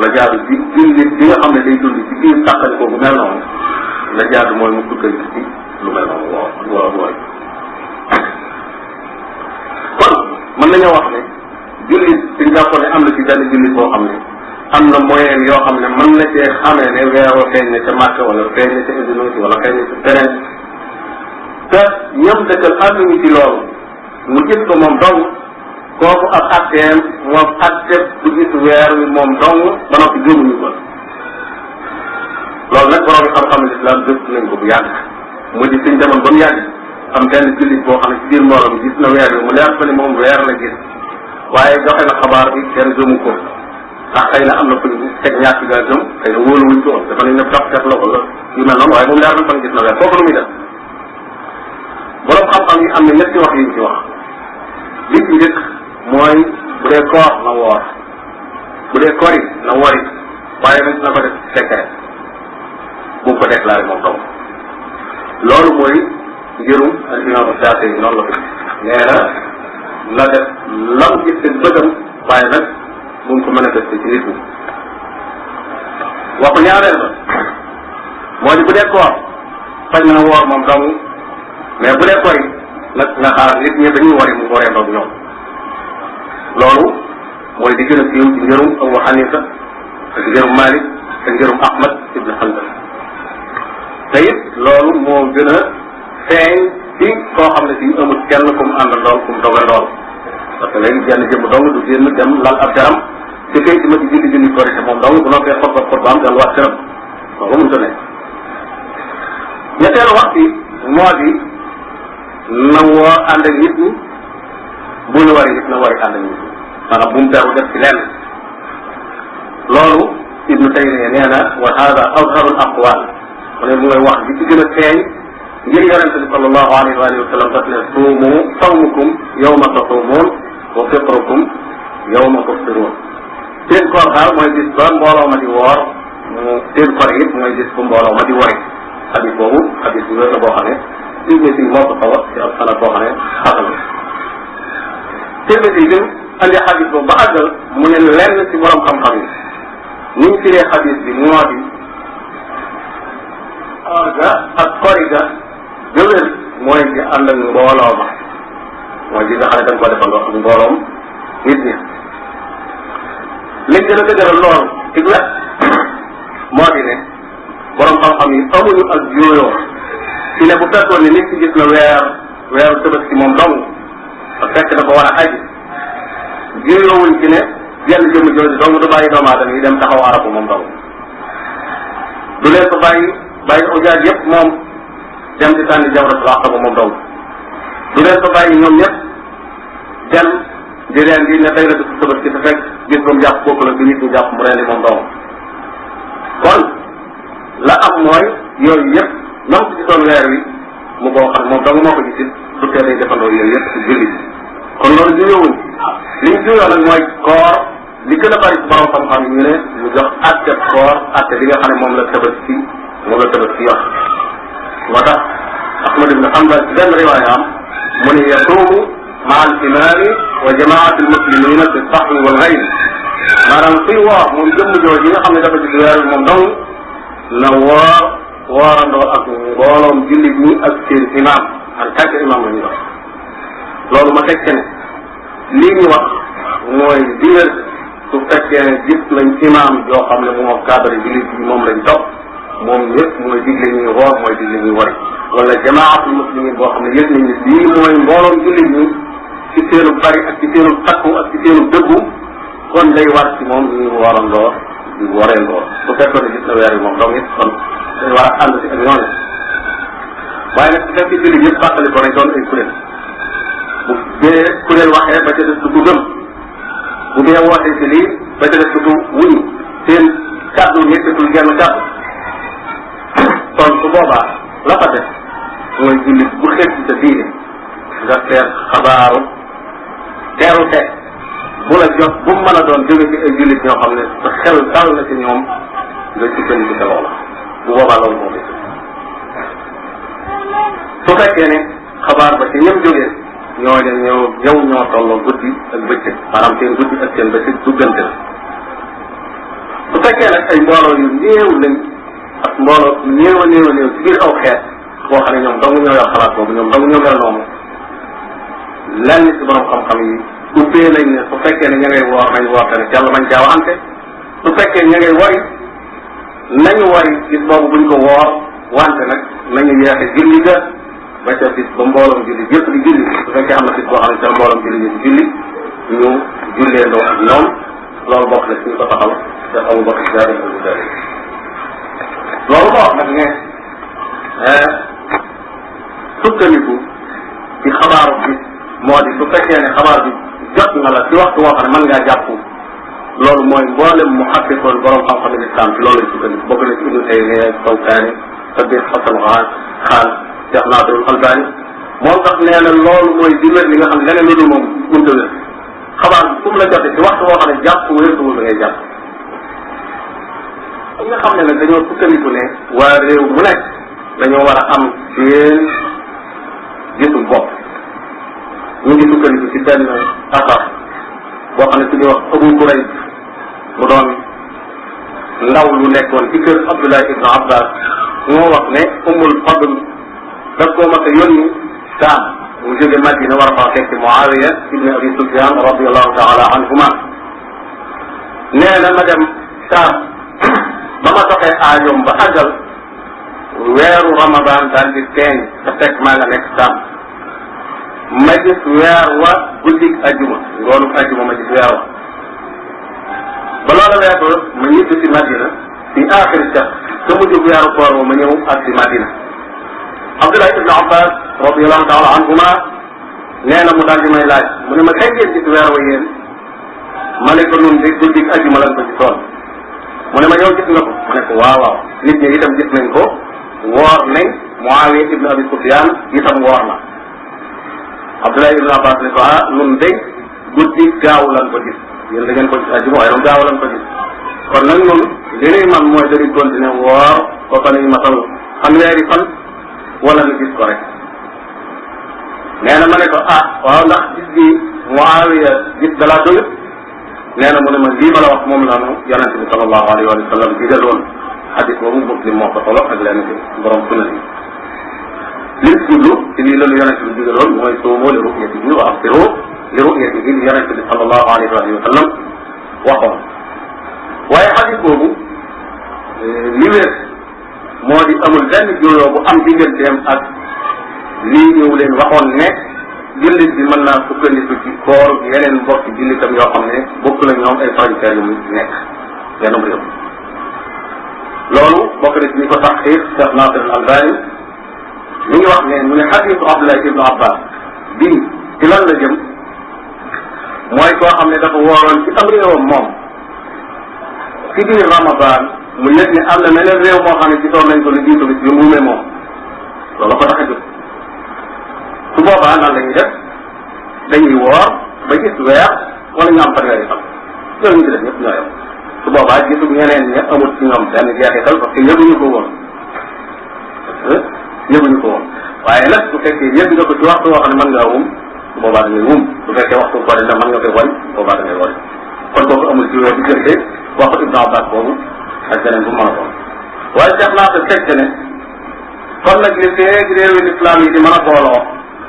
la jaadu bi jullit bi nga xam ne day dund ci biir tàqali ko mel noonu la jaadu mooy mu tukkal ci lu mel noonu woo woo woo kon mën nañoo wax ne jullit dañ jàppoon am na ci jullit boo xam ne am na moyen yoo xam ne mën na cee xamee ne weeru feeñ na ca Màkka wala feeñ na ca Indonésie wala feeñ na ca feneen te ñam dëkkal ànduñu ci loolu mu gis ko moom dong kooku ak atteem moom atte du gis weer wi moom dong ba noppi gëmuñu ko loolu nag xam-xam lislaam dëpp nañ ko bu yàgg mu di suñ demoon ba mu yàgg am xam ne ci biir mbooloo mi weer wi mu leer ko ne moom weer la gis waaye joxe na xabaar bi kenn gëmu ko ndax xëy na am na kuñ teg ñàkk gaa gëm xëy na wóoluwuñ ko woon dafa nañ ne dox waaye moom leer na fan gis na weer foofu lu muy def borom xam-xam yi am na ñetti wax yuñ ci wax li ci njëkk mooy bu dee koor na woor bu dee kori na wori waaye nag na ko def secret bu ko déclaré moom dong loolu mooy njërum al imam Shaafi'i noonu la ko nee na la def lam gis seen bëggam waaye nag bu mu ko manifesté ci nit ñi waxu ñaareel moo di bu dee koor faj na woor moom dong mais bu dee kori nag nga xaaral nit ñi dañuy wari mu waree ndoog ñoom loolu mooy di gën a siiw ci njërum Hanifa ak Malik ak Ahmad ibn Hanbal te it loolu moo gën a feeñ ci koo xam ne si amul kenn ku mu ànd lool ku mu dogal lool parce que léegi jenn jëmm dong du génn dem lal ab jaram te tey ci ma ci julli julli korite moom dong bu noppee xot ba xot ba am delluwaat këram loolu mënta ne ñetteelu wax bi moo di nangoo ànd ak nit ñi bu ñu wari nit na wari ànd ak nit ñi maanaam bu mu beru def ci lenn loolu ibnu taymiya nee na wa hada azharul aqwal mu ne mooy wax bi ci gën a teey ngir yonente bi sallallahu alayhi wa alihi wa sallam daf ne suumu sawmukum yawma tasuumuun wa fitrakum yawma tuftiruun seen koor daal mooy gis ba mbooloo ma di woor mu seen koor it mooy gis bu mbooloo ma di wori xadis boobu xadis bu wér la boo xam ne Tirmisi moo ko sawat ci ab sanad boo xam ne xasan la Tirmisi bi andi xadis boobu ba àggal mu ne lenn ci borom xam-xam yi ni ñu firee xadis bi moo di orga ak koriga gëwér mooy di ànd ak mbooloo ma mooy di nga xam ne dañ ko defal wax ak mbooloom nit ñi a dëgëral lool ci wet moo di ne borom xam-xam yi amuñu ak jooyoo ci ne bu fekkoon ne nit ki gis na weer weeru tabaski moom dong te fekk na ko war a aji jooyoowuñ ci ne yenn jëmm jooju dong du bàyyi doomu aadama yi dem taxaw arabu moom dong du leen ko bàyyi bàyyi ujaaj yëpp moom dem di sànni jawratul aqaba moom dong du leen fa bàyyi ñoom ñëpp dem di leen di ne tey la dëkk ci te fekk gis ba mu jàpp kooku la du nit mu leen moom dong kon la am mooy yooyu yëpp nam ko gisoon weer wi mu boo xam moom dong moo ko gisit du tee dañ defandoo yooyu yëpp ci jullit kon loolu juyowuñ li ñu juyoo nag koor li gën a bari ci borom xam-xam ñu ne mu jox atte koor atte li nga xam ne moom la tëbët ci moom la tëbët ci yor moo tax Ahmad ibn Hanbal ci benn riwaayaam mu ne yasuumu maa al imaami wa jamaati almuslimina bi sahwi wal ghayb maanaam kuy woor moom jëmm jooju nga xam ne dafa gis weer moom dong na woor woorandoo ak mbooloom jullit ñi ak seen imaam en tant que imaam la ñuy wax loolu ma fekke ne lii ñu wax lañ topp moom yëpp mooy digle ñuy woor mooy digle ñuy wari wala jamaatul muslimin boo xam ne yëg nañ ne lii mooy mbooloom jullit ñi ci seenu bari ak ci seenu takku ak ci seenu dëggu kon day war ci moom ñu warandoo di wareendoo su fekkoon ne gis na weer yi moom dong it kon day war a ànd si ak ñooñu waaye nag su fekkee jullit yëpp fàttali ko nañ doon ay kuréel bu dee kuréel waxee ba ca des du ko gëm bu dee wootee si lii ba ca des du ko wuñu seen kàddu ñekkatul genn kàddu kon su boobaa la fa def mooy jullit bu xëy ci sa diine nga seet xabaaru bu la jot bu mën a doon ñoo xam ne sa xel dal na ci ñoom nga sukkandiku ca loola bu boobaa loolu su fekkee xabaar ba ci ñoom jógee ñooñu ñëw yow ñoo tolloo guddi ak bëccëg maanaam seen guddi ak seen bëccëg duggante la su ay mbooloo yu néew lañ. ak mbooloo néew a néew a néew ci biir aw xeet boo xam ne ñoom dong ñoo yor xalaat boobu ñoom dong ñoo mel noonu lenn ci borom xam-xam yi ubbee nañ ne su fekkee ne ña ngay woor nañ woor tamit yàlla mañ caa waxante su fekkee ña ngay wari nañu wari gis boobu buñ ko woor wante nag nañu yeexe julli ga ba ca bis ba mbooloom julli yëpp di julli su fekkee am na bis boo xam ne ca mbooloom julli ñu di julli ñu jullee ndoo ak ñoom loolu bokk na ci ñu ko taxal te Abu Bakar Jaabir loolu moo wax nag ne eh, sukkandiku ci xabaaru bi moo di su fekkee ne xabaar bi jot nga la ci waxtu woo xam ne mën ngaa jàpp loolu mooy mboolem mu xaqiqoon borom xam-xam islam ci loolu lañ sukkandiku bokk na ci ibnu taymiya sawkaani sabir xasan xaan xaan cheikh naasirul albani moom sax nee na loolu mooy di wér li nga xam ne lu dul moom mënta wér xabaar bi fu mu la jotee ci waxtu woo xam ne jàpp wér tuwul da ngay jàpp ñi nga xam ne nag dañoo sukkandiku ne waa réew mu nekk dañoo war a am seen gisu bopp ñu ngi sukkandiku ci benn asar boo xam ne su ñuy wax Abu Kurayb mu doon ndaw lu nekkoon ci kër Abdullah ibn Abbas moo wax ne Umul Fadl daf koo mas a yónni Saam mu jóge Madina war a faa fekk Muawiya ibn Abi Sufyan radiallahu taala anhuma nee na ma dem Saam ba ma doxee aajoom ba àggal weeru ramadan daal di feeñ te fekk maa nga nekk sàmm ma gis weer wa guddig ajuma ngoonu ajuma ma gis weer wa ba loola weesoo ma ñibbi si madina fi axiri sax te mujj weeru koor ma ñëw ak si madina abdulahi ibne abbas radiallahu taala anhuma nee na mu daal di may laaj mu ne ma kañ ngeen gis weer wa yéen ma ne ko nun de guddig ajuma lan ko ci tool mu ne ma yow gis nga ko mu ne ko waaw waaw nit ñi nañ ko woor ibn Abi Sufyan itam woor na Abdullah ibn Abbas ne ko ah nun day guddi gaaw lan ko gis yéen da ngeen ko gis ajuma waaye moom gaaw lan ko gis ko nag ñun li nuy man mooy dañuy continuer woor ba fa nuy matal fanweeri fan wala nu gis ko rek nee na ma ne ko ah waaw ndax gis gi Muawiya gis dalaa doyut nee na mu ne ma lii ma la wax moom laanu yonente bi sallallahu alayhi wa sallam digal woon xadis boobu muslim moo ko solo ak lenn ci borom sunna lii lalu yonente bi digal woon mooy wa aftiru li ru'yatihi li yonente bi sallallahu eh, di amul benn julloo bu am digganteem ak lii ñëw leen waxoon ne jullit bi mën naa sukkandiku ci koor yeneen mbokk jullitam yoo xam ne bokk la ñoom ay frontières yu mu nekk benn réew loolu bokk na ci ñi ko tax xiif Cheikh Nasir al Albani mi ngi wax ne mu ne xadiisu Abdullah ibnu Abbas bii ci lan jëm mooy koo xam ne dafa wooroon ci am réewam moom ci biir Ramadan mu yëg ne am na meneen réew moo xam ne ci toon nañ ko lu jiitu bis bi mu moom loolu ko tax a su boobaa nan la ñuy def dañuy woor ba gis weer wala ñu am fanweeri fan ñooñu ñu ci def ñëpp ñoo yem su boobaa gisul ñeneen ña amul ci ñoom benn jeexital parce que yëguñu ko woon yëguñu ko woon waaye nag su fekkee yëg nga ko ci waxtu woo xam ne mën ngaa wum su boobaa da ngay wum su fekkee waxtu bone na mën nga koy woñ su boobaa da ngay woñ kon boobu amul ci woo diggante waxu Ibnu Abbas boobu ak beneen bu mën a doon waaye seet naa ko fekk ne kon nag li feeg réewi lislaam yi di mën a booloo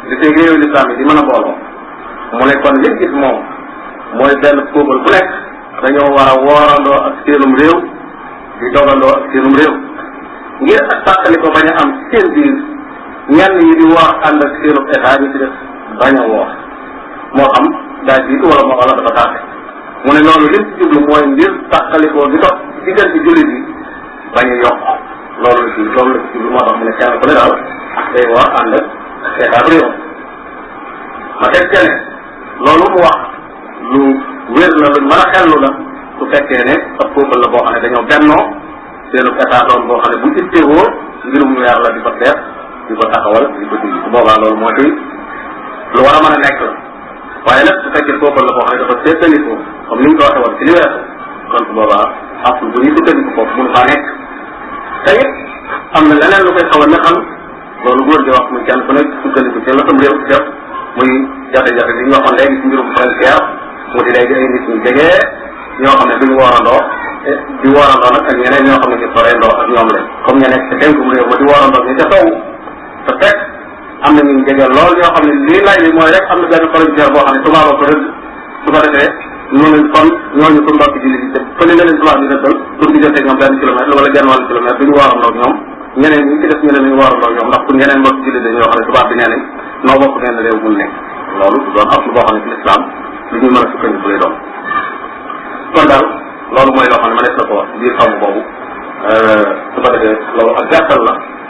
li tey réew lislaam yi di mën a booloo mu ne kon liñ gis moom mooy benn koobal bu nekk dañoo war a woorandoo ak seenum réew di dogandoo ak seenum réew ngir ak tàqali ko bañ a am seen biir ñenn yi di wax ànd ak seenub état ñi ci def bañ a wax moo xam daa jiitu wala moo wala dafa tàqe mu ne loolu liñ ci jublu mooy ngir tàqalikoo di dox diggante jullit yi bañ a yokk loolu la ci loolu la ci jublu moo tax mu ne kenn ku ne daal day war ànd ak c'est vrai ma fekke ne loolu mu wax lu wér la lu mën a xellu la su fekkee ne ab peuple la boo xam ne dañoo bennoo seenu état doon boo xam ne bu ittewoo mbirum yàlla di ko seet di ko taxawal di ko dindi su boobaa loolu moo koy lu war a mën a nekk la waaye nag su fekkee peuple la boo xam ne dafa seetanikoo comme li kon su ñu sukkandiku foofu mënu faa nekk te am na leneen lu koy xaw a naqal loolu góor gi wax muy kenn ku nekk sukkandiku ca la sam réew def muy jafe-jafe bi ñu waxoon léegi ci mbirum frontière mu di léegi ay nit ñu jege ñoo xam ne duñu woorandoo di woorandoo nag ak ñeneen ñoo xam ne ñu soreendoo ak ñoom lañ comme ñe nekk ca dénkum réew ma di woorandoo ñu ca sow te fekk am na ñu jege lool ñoo xam ne lii laaj bi mooy rek am na benn frontière boo xam ne tubaaboo ko rëdd su ko defee noonu lañ kon ñooñu pour mbokk jullit yi fële na leen tubaab bi dëkkal pour ñu jotee ñoom benn kilomètre wala ñeneen ñi ci def ñu ne nañu war loolu ñoom ndax pour ñeneen mbokk jullit dañoo xam ne tubaab bi nee nañ noo bokk nee na réew mun nekk loolu doon ab boo xam ne ci lislaam lu ñuy mën a sukkandiku lay doon kon daal loolu mooy loo xam ne ma def na ko biir xamu boobu euh, su ko defee loolu ak gàttal la